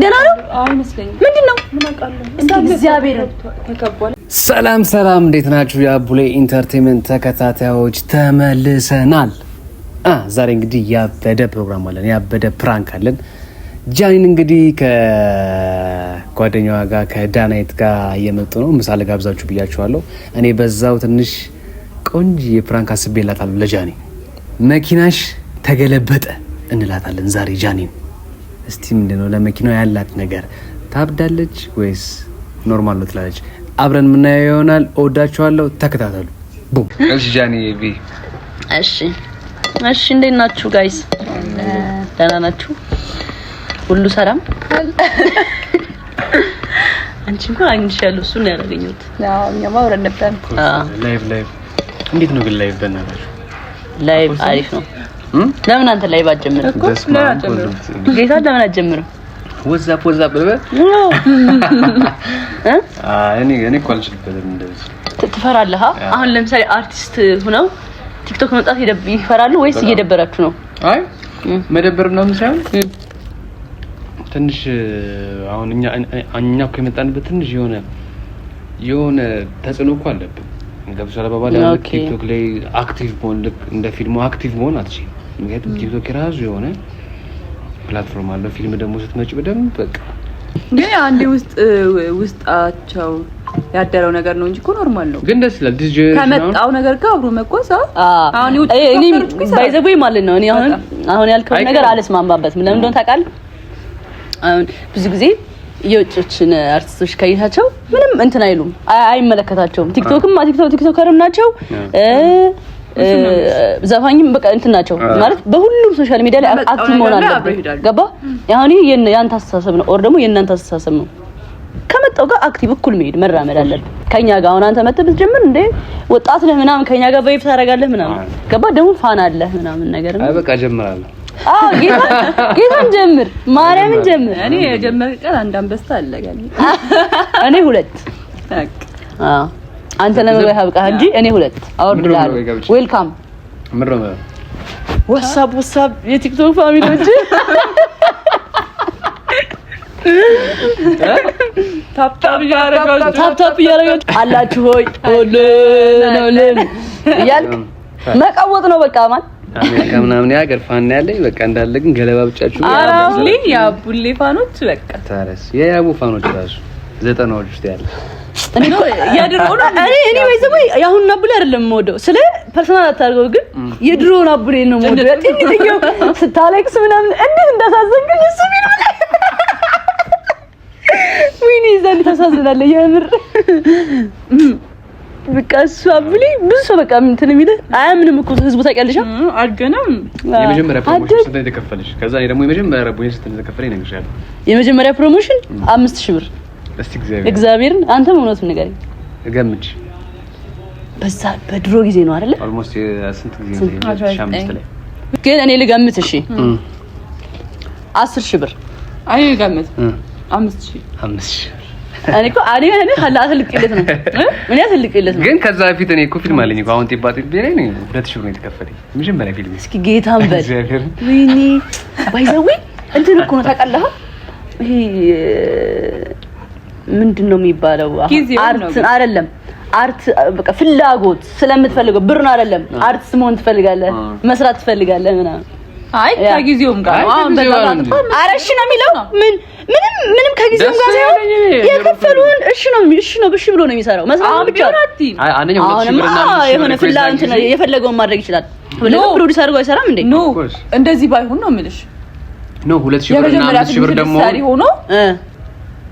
ደህና ነው ምንድን ነው? እግዚአብሔር ሰላም ሰላም፣ እንዴት ናችሁ? የአቡሌ ኢንተርቴንመንት ተከታታዮች ተመልሰናል። ዛሬ እንግዲህ ያበደ ፕሮግራም አለን፣ ያበደ ፕራንክ አለን። ጃኒን እንግዲህ ከጓደኛዋ ጋር ከዳናይት ጋር እየመጡ ነው። ምሳ ልጋብዛችሁ ብያችኋለሁ። እኔ በዛው ትንሽ ቆንጅ የፕራንክ አስቤላታለሁ ለጃኒ። መኪናሽ ተገለበጠ እንላታለን ዛሬ ጃኒን እስቲ ምንድነው ለመኪናው ያላት ነገር ታብዳለች ወይስ ኖርማል ነው ትላለች? አብረን የምናየው ይሆናል። እወዳችኋለሁ፣ ተከታተሉ። ቡም እሺ፣ ጃኒ ቢ እሺ፣ እሺ። እንዴት ናችሁ ጋይስ? ደህና ናችሁ? ሁሉ ሰላም? አንቺ እንኳን አግኝቻለሁ። እሱ ነው ያላገኘሁት። አዎ፣ እኛማ አብረን ነበር። ላይቭ ላይቭ። እንዴት ነው ግን ላይቭ? በእናታችሁ ላይቭ አሪፍ ነው። ለምን አንተ ላይ ባጀምር እኮ ጌታ ለምን አጀምርም? ወዛ ወዛብ ብለህ እኔ እኔ እኮ አልችልበትም። እንደዚህ ትፈራለህ? አሁን ለምሳሌ አርቲስት ሆነው ቲክቶክ መምጣት ይፈራሉ ወይስ እየደበራችሁ ነው? አይ መደበር ነው ሳይሆን ትንሽ አሁን እኛ እኛ እኮ የመጣንበት ትንሽ የሆነ የሆነ ተጽዕኖ እኮ አለብን። ለምሳሌ በባለ ቲክቶክ ላይ አክቲቭ መሆን ልክ እንደ ፊልሙ አክቲቭ መሆን አትችልም ምክንያቱም ቲክቶክ የራሱ የሆነ ፕላትፎርም አለው። ፊልም ደግሞ ስትመጭ በደንብ በቃ ግን አንዴ ውስጥ ውስጣቸው ያደረው ነገር ነው እንጂ እኮ ኖርማል ነው። ግን ደስ ይላል ከመጣው ነገር ጋር አብሮ መጓዝ። አሁን እኔ ባይዘቡይ ማለት ነው። እኔ አሁን አሁን ያልከው ነገር አልስማማበትም። ለምን እንደሆነ ታውቃለህ? አሁን ብዙ ጊዜ የውጮችን አርቲስቶች ከይታቸው ምንም እንትን አይሉም፣ አይመለከታቸውም። ቲክቶክም ቲክቶክ ቲክቶከርም ናቸው ዘፋኝም በቃ እንትን ናቸው ማለት በሁሉም ሶሻል ሚዲያ ላይ አክቲቭ መሆን አለብን። ገባ ያሁን የአንተ አስተሳሰብ ነው ኦር ደግሞ የእናንተ አስተሳሰብ ነው። ከመጣው ጋር አክቲቭ እኩል መሄድ መራመድ አለብን ከኛ ጋር። አሁን አንተ መጥተህ ብትጀምር እንደ ወጣት ነህ ምናምን ከኛ ጋር በይፍ ታደርጋለህ ምናምን ገባ ደግሞ ፋን አለህ ምናምን ነገር ነው። በቃ ጀምራለሁ አዎ ጌታን ጀምር፣ ማርያምን ጀምር። እኔ የጀመርክ ቀን አንድ አንበሳ አለ እኔ ሁለት አንተ ለመግባት ያብቃህ እንጂ እኔ ሁለት አወርድልሃለሁ። ዌልካም ዋትስአፕ ዋትስአፕ የቲክቶክ ፋሚሊ ፋሚሊዎች ታፕታፕ እያደረጋችሁ አላችሁ ሆይ ሆልን እያልክ መቀወጥ ነው በቃ ማለት አሜሪካ ምናምን ያገር ፋን ያለኝ በቃ እንዳለ ግን ገለባ ብጫችሁ አራሁን ያቡሌ ፋኖች በቃ ታረስ የያቡ ፋኖች ራሱ ዘጠናዎች ውስጥ ያለ እኔ በዚህ አይደለም የምወደው፣ ስለ ፐርሰናል አታርገው፣ ግን የድሮ ነው የምወደው። ስታለቅስ ምናምን እንዴት እንዳሳዘን ግን እሱ የምር በቃ እሱ አቡሌ ብዙ ሰው በቃ እንትን የሚል አያምንም እኮ ህዝቡ። ታውቂያለሽ የመጀመሪያ ፕሮሞሽን ስንት ነው የተከፈለሽ? ከዛ ደግሞ የመጀመሪያ ፕሮሞሽን የመጀመሪያ ፕሮሞሽን አምስት ሺህ ብር እስቲ እግዚአብሔርን አንተም እውነቱን ንገረኝ። እገምድ በዛ በድሮ ጊዜ ነው አይደለ? ኦልሞስት ስንት ጊዜ ነው? ግን እኔ ልገምት። እሺ አስር ሺህ ብር አይ ልገምት። አምስት ሺህ አምስት ሺህ ግን ከዛ በፊት እኔ እኮ ፊልም አለኝ አሁን ላይ ሁለት ሺህ ነው የተከፈለኝ መጀመሪያ ፊልም። እስኪ ጌታን በል ወይኔ ባይዘዌ እንትን እኮ ነው ታውቃለህ ይሄ ምንድን ነው የሚባለው? አርት አይደለም አርት በቃ ፍላጎት ስለምትፈልገው ብሩን አይደለም አርት ስሞን ትፈልጋለህ፣ መስራት ትፈልጋለህ ምናምን። አይ ከጊዜውም ጋር አሁን ኧረ እሺ ነው የሚለው። ምን ምንም ምንም ከጊዜውም ጋር ሳይሆን የከፈሉን እሺ ነው እሺ ነው እሺ ብሎ ነው የሚሰራው። መስራት ብቻ የሆነ ፍላጎት ነው፣ የፈለገውን ማድረግ ይችላል። ለምን ፕሮዲዩሰር አድርጎ አይሰራም እንዴ? ኖ እንደዚህ ባይሆን ነው የምልሽ። ኖ ሁለት ሺህ ብር እና አምስት ሺህ ብር ደግሞ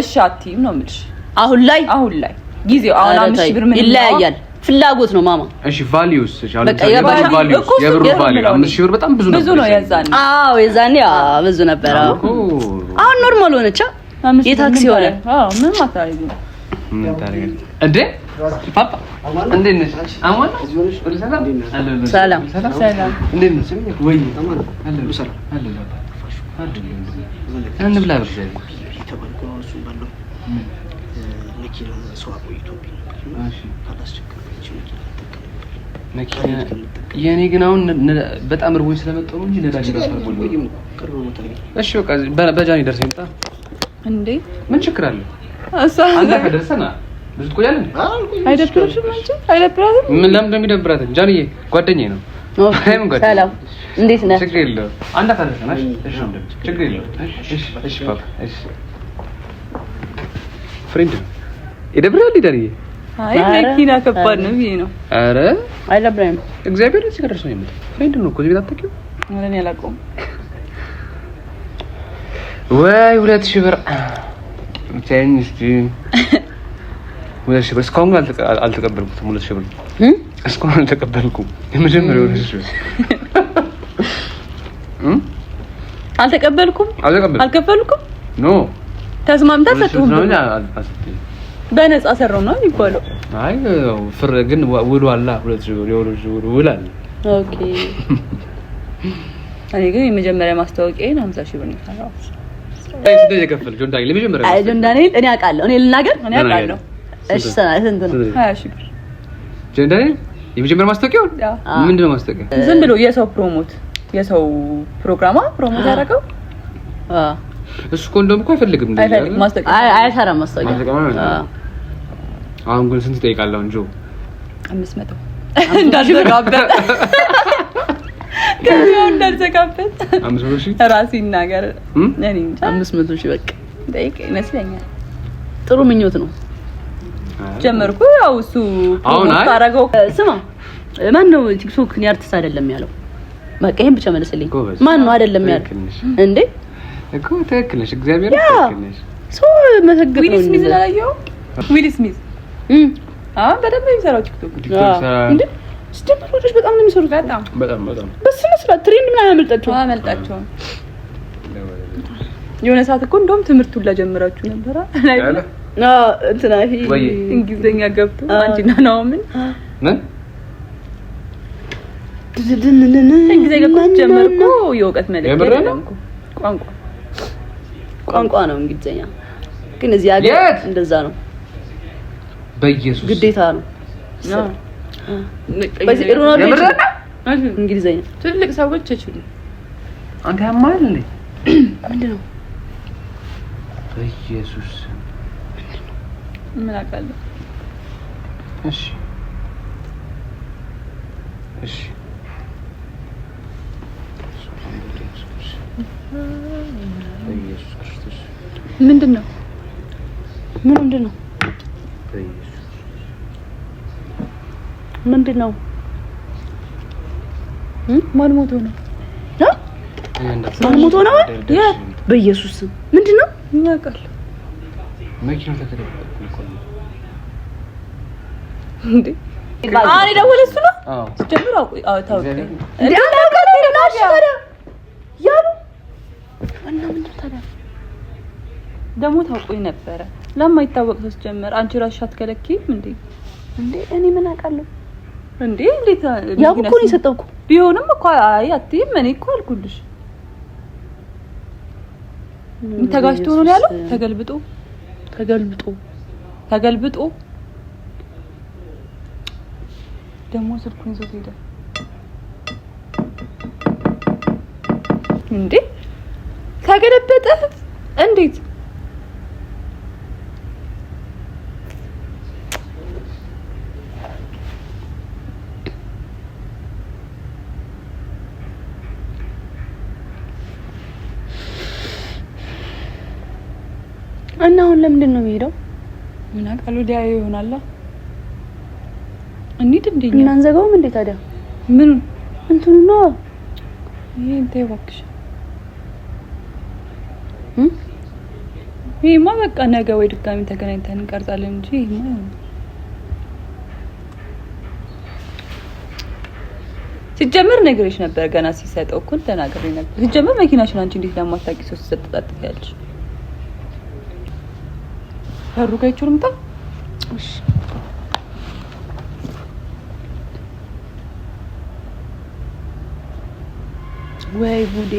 እሺ አትይም ነው የምልሽ። አሁን ላይ አሁን ላይ ጊዜው አሁን አምስት ሺህ ብር ምን ይለያያል ፍላጎት ነው ማማ። እሺ ቫልዩስ ብር በጣም ብዙ ነው የዛኔ። አዎ የዛኔ ብዙ ነበር። አሁን ኖርማል ሆነቻ የታክሲ ሆነ። አዎ ምን ማታዩ እንዴ ፓፓ እንዴት ነሽ? አማን ሰላም ሰላም። እንዴት ነሽ? ወይ አማን አለ ሰላም አለ የተባልኩ ነው። እሱም ባለው መኪና ሰው አቆይቶብኝ ካላስቸገረች መኪና መኪና የእኔ ግን አሁን በጣም እርቦኝ ስለመጣሁ እንጂ ነዳጅ እሺ፣ በቃ በጃኒ ይምጣ እንዴ። ምን ችግር አለ? ብዙ ትቆያለህ። ለምን የሚደብራት? ጃኒዬ ጓደኛዬ ነው። ሰላም፣ እንዴት ነህ? ችግር የለውም። ፍሬንድ ነው። ይደብራል ይደርዬ አይ መኪና ከባድ ነው ነው። እግዚአብሔር እዚህ ፍሬንድ ነው ወይ ሁለት እስካሁን አልተቀበልኩትም። ሁለት አልተቀበልኩም። አልተቀበልኩም አልተቀበልኩም ኖ ተስማምታ ሰጥሁም በነፃ ሰራው ነው የሚባለው። አይ ፍር ግን ውሉ አላ ሁለት ሺህ ብር ውሉ ውል አለ። ኦኬ እኔ ግን የመጀመሪያ ማስታወቂያን ሀምሳ ሺህ ብር ነው የሰራሁት። ጆን ዳንኤል እኔ አውቃለሁ። እኔ ልናገር እኔ አውቃለሁ። እሺ ስንት ነው? ሀያ ሺህ ብር ጆን ዳንኤል የመጀመሪያ ማስታወቂያው ምንድን ነው? ማስታወቂያ ዝም ብሎ የሰው ፕሮሞት የሰው ፕሮግራማ ፕሮሞት ያደረገው እሱ ኮንዶም እኮ አይፈልግም አይሰራም። ማስታወቂያ አሁን ግን ስንት ይጠይቃል? እንጆ ጥሩ ምኞት ነው። ጀመርኩ ያው እሱ ታረገው። ስማ ማን ነው ቲክቶክ እኔ አርቲስት አይደለም ያለው? በቃ ይሄን ብቻ መልስልኝ። ማን ነው አይደለም ያለው እንዴ? እኮ ትክክል ነሽ፣ እግዚአብሔር ትክክል ነሽ። መሰገድ ነው። ዊል ስሚዝ ዊል ስሚዝ አሁን በደንብ የሚሰራው ቲክቶክ እንዴ በጣም ነው የሚሰሩት። በጣም በጣም በጣም በስነ ስርዓት ትሬንድ አያመልጣቸውም፣ አያመልጣቸውም። የሆነ ሰዓት እኮ እንደውም ትምህርቱን እንትና ይሄ ገብቶ አንቺና ነው ምን ምን ጀመርኩ የእውቀት ቋንቋ ቋንቋ ነው እንግሊዝኛ። ግን እዚህ ሀገር እንደዛ ነው፣ በኢየሱስ ግዴታ ነው። በዚህ ሮናልዶ እንግሊዝኛ ትልቅ ሰዎች አይችሉም። አንተ ያማል ምንድን ነው? በኢየሱስ ምን አውቃለሁ። እሺ እሺ በኢየሱስ ክርስቶስ ምንድን ነው? ምን ምንድን ነው? ምንድን ነው? ማን ሞቶ ነው? ማን ሞቶ ነው? በኢየሱስ ምንድን ነው? ይበቃል። አሁን የደወለ እሱ ነው። እና ምንድን ታዲያ ደግሞ ታውቆኝ ነበረ። ለማይታወቅ ሰው ጀመር። አንቺ እራስሽ አትከለኪም እንዴ? እንዴ እኔ ምን አውቃለሁ እንዴ? እንዴት ያው እኮ ነው የሰጠው እኮ ቢሆንም እኮ አይ አትይም። እኔ እኮ አልኩልሽ ተጋጭቶ ነው ያለው። ተገልብጦ ተገልብጦ ተገልብጦ ደግሞ ስልኩን ይዞት ሄደ እንዴ? ተገለበጠ። እንዴት እና አሁን ለምንድን ነው የሚሄደው? ምን አውቃለሁ። ዲያ ይሆናላ እንዴት እንደኛ እናንዘጋውም እንዴ ታዲያ ምን እንትኑ ነው ይሄ እንዴ እባክሽ ይሄማ በቃ ነገ ወይ ድጋሚ ተገናኝተን እንቀርጻለን እንጂ ይሄማ ሲጀምር ነግሬሽ ነበር። ገና ሲሰጠው እኩል ተናግሬ ነበር። ሲጀምር መኪናሽን አንቺ እንዴት ለማታውቂ ሰው ሲሰጠጣጥፍ ያለሽ በሩ ጋ ይችሉምታ እሺ ወይ ጉዴ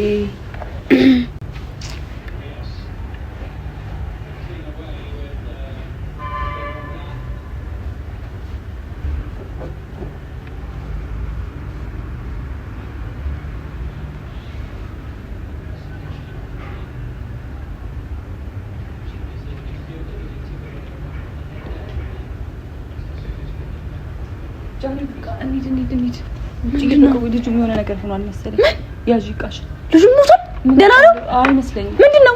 እንሂድ እንሂድ እንሂድ። ልጁ የሆነ ነገር ሆኗል መሰለኝ። ያዥ ይቃሽ። ልጁ ሞቷል? ደህና ነው አይመስለኝም። ምንድን ነው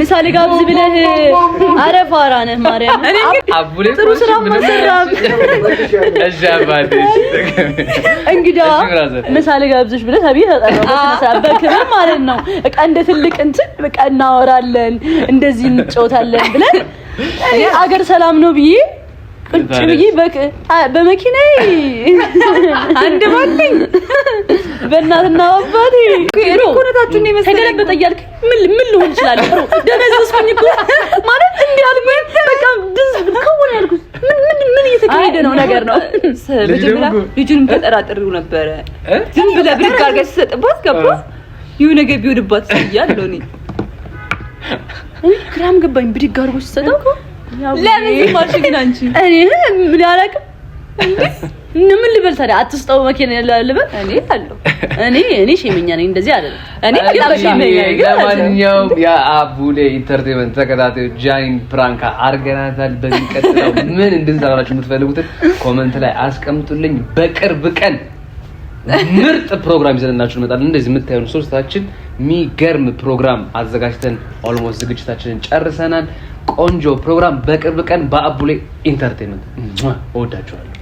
ምሳሌ ጋብዝ ብለህ አረ ፋራ ነህ ማርያም። ጥሩ ስራ ማሰራም። እንግዳ ምሳሌ ጋብዝሽ ብለህ ተብዬ በክብር ማለት ነው። በቃ እንደ ትልቅ እንትን በቃ እናወራለን፣ እንደዚህ እንጫወታለን ብለን አገር ሰላም ነው ብዬ ቁጭ ብዬ በመኪናዬ አንድ ባለኝ በእናትና አባቴ ኩነታችሁ ነው መሰለኝ። ተገለበጠ እያልክ ምን ምን ልሆን ይችላል? ደነዝ ስኝ እኮ ማለት እንዲህ አልኩ። በቃ ድንዝ ከሆነ ያልኩት ምን ምን እየተካሄደ ነው ነገር ነው። መጀመሪያ ልጁንም ተጠራጥሬው ነበረ። ዝም ብለህ ብድግ አድርገህ ሲሰጥባት ገባ የሆነ ነገር ቢወድባት እያለሁ እኔ ግራ ገባኝ። ብድግ አድርጎ ሲሰጠው ምን ምን ልበል ታዲያ? አትስጠው መኪና ልበል? እኔ እኔ እኔ ሼመኛ ነኝ እንደዚህ አለ። ለማንኛውም የአቡሌ ኢንተርቴንመንት ተከታታዮች ጃኒን ፕራንካ አድርገናታል። በዚህ ምን እንድንሰራላችሁ የምትፈልጉትን ኮመንት ላይ አስቀምጡልኝ። በቅርብ ቀን ምርጥ ፕሮግራም ይዘንላችሁ እንመጣለን። እንደዚህ የምታዩን ሶስታችን የሚገርም ፕሮግራም አዘጋጅተን ኦልሞስት ዝግጅታችንን ጨርሰናል። ቆንጆ ፕሮግራም በቅርብ ቀን በአቡሌ ኢንተርቴንመንት እወዳችኋለሁ።